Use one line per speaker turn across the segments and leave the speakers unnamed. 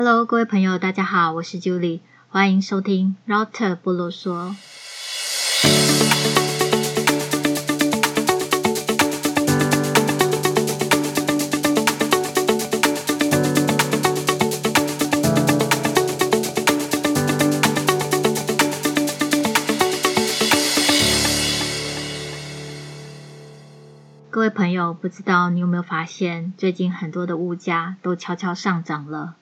Hello，各位朋友，大家好，我是 Julie，歡迎收聽《Router 不囉嗦》。各位朋友，不知道你有沒有發現，最近很多的物價都悄悄上漲了。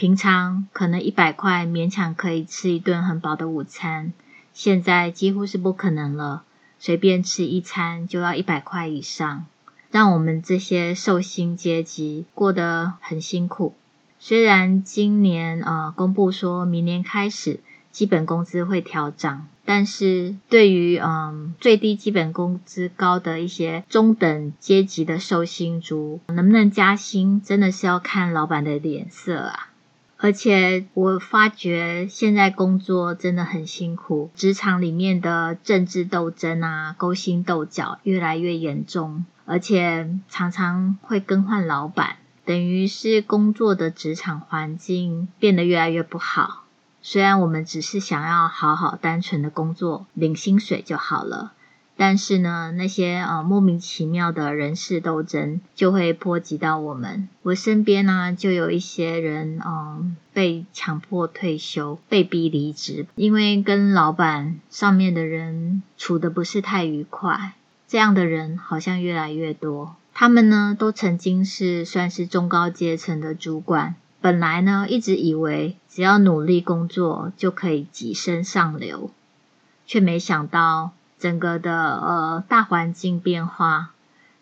平常可能一百塊勉強可以吃一頓很飽的午餐，現在幾乎是不可能了。隨便吃一餐就要一百塊以上，讓我們這些受薪階級過得很辛苦。雖然今年呃公布說明年開始基本工資會調漲，但是對於嗯、呃、最低基本工資高的一些中等階級的受薪族，能不能加薪真的是要看老板的臉色啊。而且我發覺現在工作真的很辛苦，職場裡面的政治鬥爭啊、勾心鬥角越來越嚴重，而且常常會更換老闆，等於是工作的職場環境變得越來越不好。雖然我們只是想要好好、單純的工作，領薪水就好了。但是呢，那些呃莫名其妙的人事鬥爭就會波及到我們。我身邊呢、啊，就有一些人嗯、呃、被強迫退休，被逼離職，因為跟老板上面的人處得不是太愉快。這樣的人好像越來越多。他們呢，都曾經是算是中高階層的主管，本來呢，一直以為只要努力工作就可以躋身上流，卻沒想到。整個的呃大環境變化，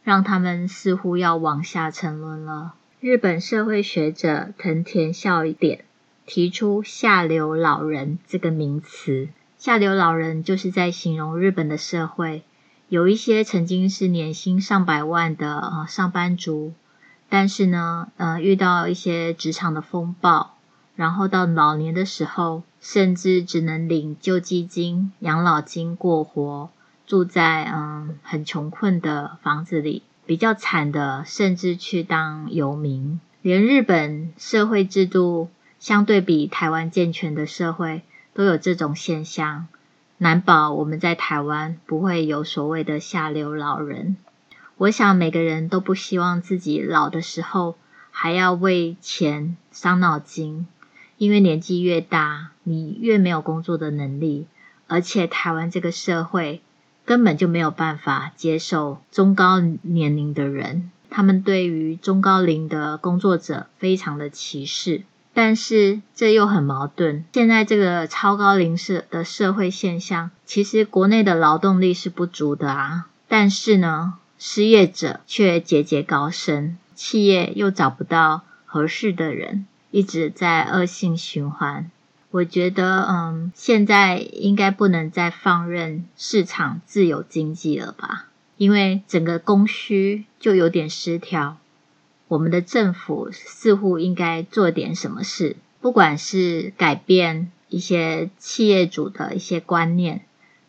讓他們似乎要往下沉淪了。日本社會學者藤田孝典提出“下流老人”這個名詞，“下流老人”就是在形容日本的社會，有一些曾經是年薪上百萬的呃上班族，但是呢，呃，遇到一些職場的風暴，然後到老年的時候，甚至只能領救濟金、養老金過活。住在嗯很窮困的房子裡，比較慘的甚至去當遊民，連日本社會制度相對比台灣健全的社會都有這種現象，難保我們在台灣不會有所謂的下流老人。我想每個人都不希望自己老的時候還要為錢傷腦筋，因為年紀越大，你越沒有工作的能力，而且台灣這個社會。根本就沒有辦法接受中高年齡的人，他們對於中高齡的工作者非常的歧視，但是這又很矛盾。現在這個超高齡社的社會現象，其實國內的勞動力是不足的啊，但是呢，失業者卻節節高升，企業又找不到合適的人，一直在惡性循環。我覺得，嗯，現在應該不能再放任市場自由經濟了吧？因為整個供需就有點失調。我們的政府似乎應該做點什麼事，不管是改變一些企業主的一些觀念，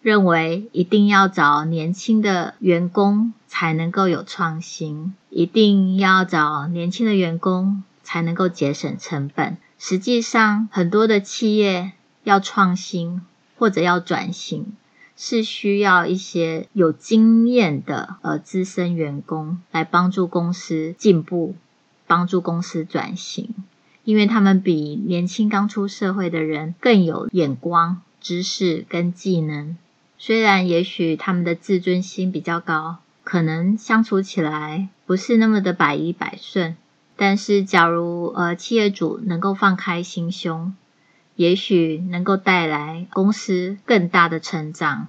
認為一定要找年輕的員工才能夠有創新，一定要找年輕的員工才能夠節省成本。實際上，很多的企業要創新或者要轉型，是需要一些有經驗的呃資深員工來幫助公司進步，幫助公司轉型，因為他們比年輕剛出社會的人更有眼光、知識跟技能。雖然也許他們的自尊心比較高，可能相處起來不是那麼的百依百順。但是，假如呃，企業主能夠放開心胸，也許能夠帶來公司更大的成長。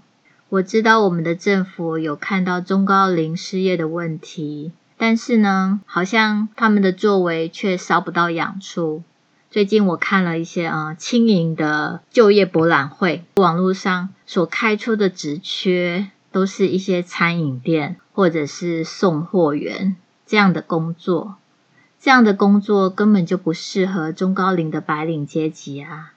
我知道我們的政府有看到中高齡失業的問題，但是呢，好像他們的作為卻搔不到癢處。最近我看了一些呃青銀的就業博覽會，網絡上所開出的職缺，都是一些餐飲店或者是送貨員這樣的工作。這樣的工作根本就不適合中高齡的白領階級啊！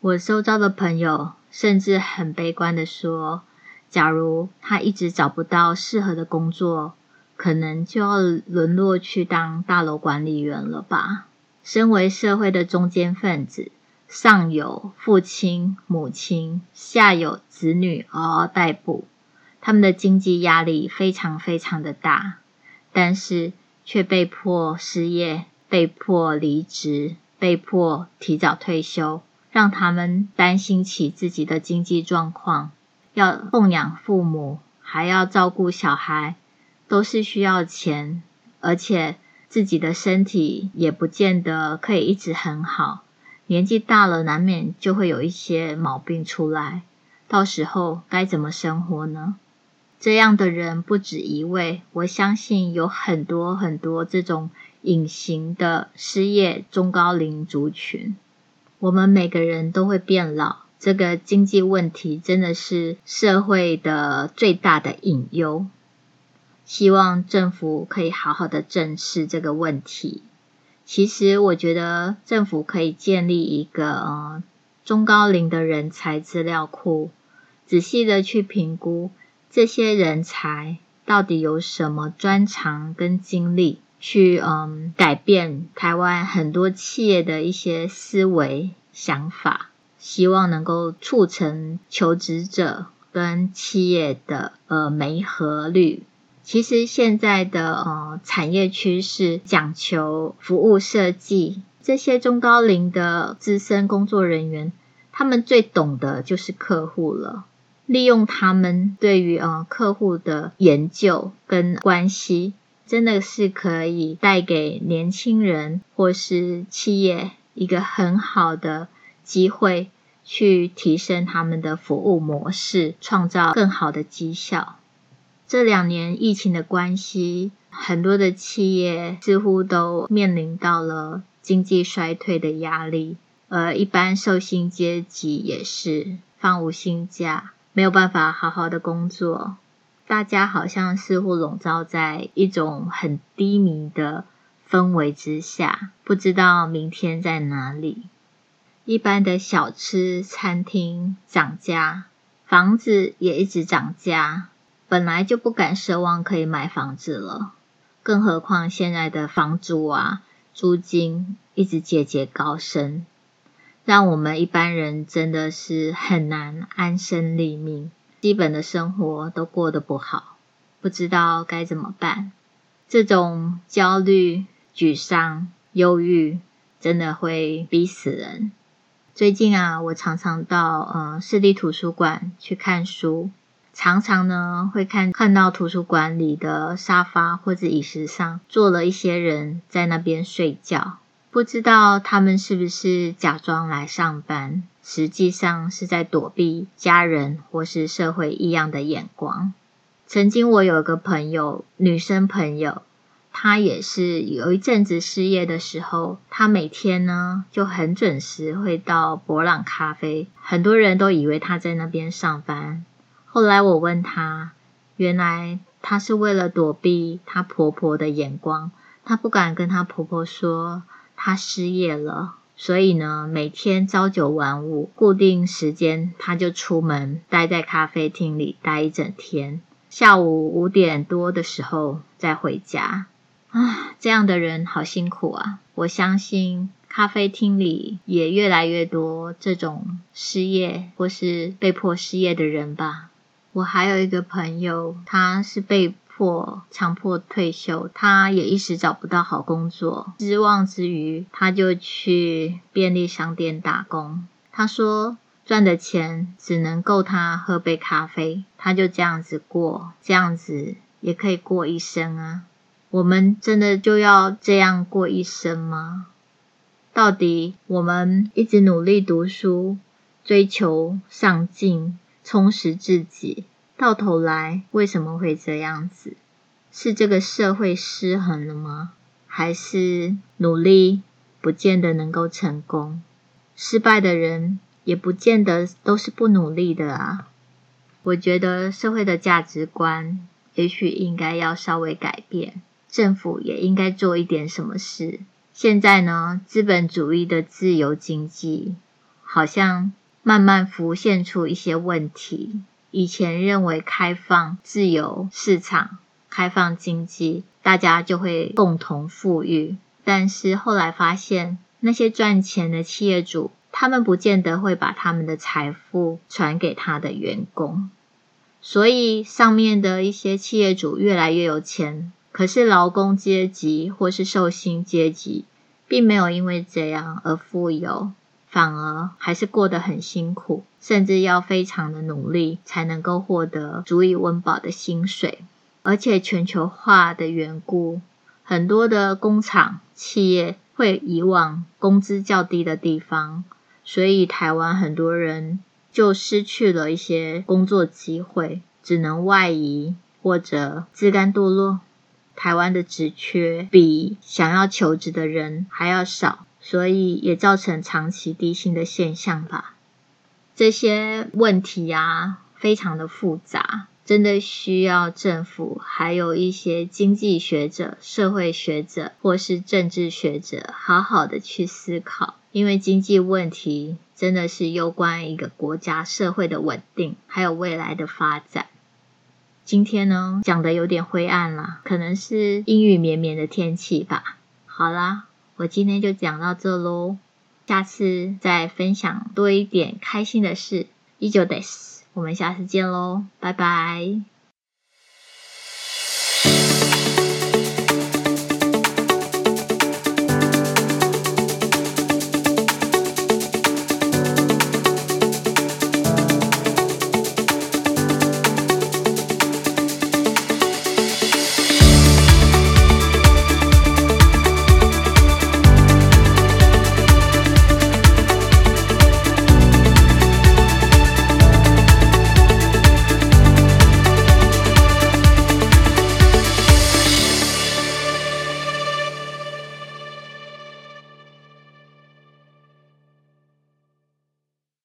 我收招的朋友甚至很悲觀的說，假如他一直找不到適合的工作，可能就要淪落去當大樓管理員了吧？身為社會的中堅分子，上有父親母親，下有子女嗷嗷待哺，他們的經濟壓力非常非常的大，但是，卻被迫失業、被迫離職、被迫提早退休，讓他們擔心起自己的經濟狀況，要奉養父母，還要照顧小孩，都是需要錢，而且自己的身體也不見得可以一直很好，年紀大了難免就會有一些毛病出來，到時候該怎麼生活呢？這樣的人不止一位，我相信有很多很多這種隱形的失業中高齡族群。我們每個人都會變老，這個經濟問題真的是社會的最大的隱憂。希望政府可以好好的正視這個問題。其實我覺得政府可以建立一個，呃，中高齡的人才資料庫，仔細的去評估。這些人才到底有什麼專長跟經歷，去嗯改變台灣很多企業的一些思維想法，希望能夠促成求職者跟企業的呃媒合率。其實現在的呃產業趨勢講求服務設計，這些中高齡的資深工作人員，他們最懂的就是客戶了。利用他們對於呃客戶的研究跟關係，真的是可以帶給年輕人或是企業一個很好的機會，去提升他們的服務模式，創造更好的績效。這兩年疫情的關係，很多的企業似乎都面臨到了經濟衰退的壓力，而一般受薪階級也是放無薪假。沒有辦法好好的工作，大家好像似乎籠罩在一種很低迷的氛圍之下，不知道明天在哪裡。一般的小吃餐廳漲價，房子也一直漲價，本來就不敢奢望可以買房子了，更何況現在的房租啊，租金一直節節高升。讓我們一般人真的是很難安身立命，基本的生活都過得不好，不知道該怎麼辦。這種焦慮、沮喪、憂鬱，真的會逼死人。最近啊，我常常到呃市立圖書館去看書，常常呢會看看到圖書館裡的沙發或者椅子上坐了一些人在那邊睡覺。不知道他們是不是假裝來上班，實際上是在躲避家人或是社會異樣的眼光。曾經我有一個朋友，女生朋友，她也是有一陣子失業的時候，她每天呢就很準時會到伯朗咖啡，很多人都以為她在那邊上班。後來我問她，原來她是為了躲避她婆婆的眼光，她不敢跟她婆婆說。他失業了，所以呢，每天朝九晚五，固定時間他就出門，待在咖啡廳裡待一整天，下午五點多的時候再回家。啊，這樣的人好辛苦啊！我相信咖啡廳裡也越來越多這種失業或是被迫失業的人吧。我還有一個朋友，他是被迫強迫退休，他也一時找不到好工作，失望之餘，他就去便利商店打工。他說賺的錢只能夠他喝杯咖啡，他就這樣子過，這樣子也可以過一生啊。我們真的就要這樣過一生嗎？到底我們一直努力讀書，追求上進，充實自己，到頭來為什麼會這樣子？是這個社會失衡了嗎？還是努力不見得能夠成功？失敗的人也不見得都是不努力的啊！我覺得社會的價值觀也許應該要稍微改變，政府也應該做一點什麼事。現在呢，資本主義的自由經濟好像慢慢浮現出一些問題。以前認為開放自由市場、開放經濟，大家就會共同富裕。但是後來發現，那些賺錢的企業主，他們不見得會把他們的財富傳給他的員工。所以，上面的一些企業主越來越有錢，可是勞工階級或是受薪階級，並沒有因為這樣而富有。反而還是過得很辛苦，甚至要非常的努力才能夠獲得足以溫飽的薪水。而且全球化的緣故，很多的工廠企業會移往工資較低的地方，所以台灣很多人就失去了一些工作機會，只能外移或者自甘墮落。台灣的職缺比想要求職的人還要少。所以也造成長期低薪的現象吧。這些問題啊，非常的複雜，真的需要政府，還有一些經濟學者、社會學者或是政治學者，好好的去思考。因為經濟問題真的是攸關一個國家社會的穩定，還有未來的發展。今天呢，講的有點灰暗啦，可能是陰雨綿綿的天氣吧。好啦。我今天就講到這嘍，下次再分享多一點開心的事。以上です。我們下次見嘍，拜拜。